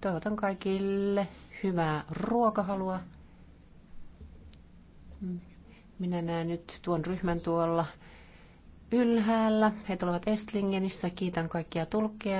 Toivotan kaikille hyvää ruokahalua. Minä näen nyt tuon ryhmän tuolla ylhäällä. He tulevat Estlingenissä. Kiitän kaikkia tulkkeja.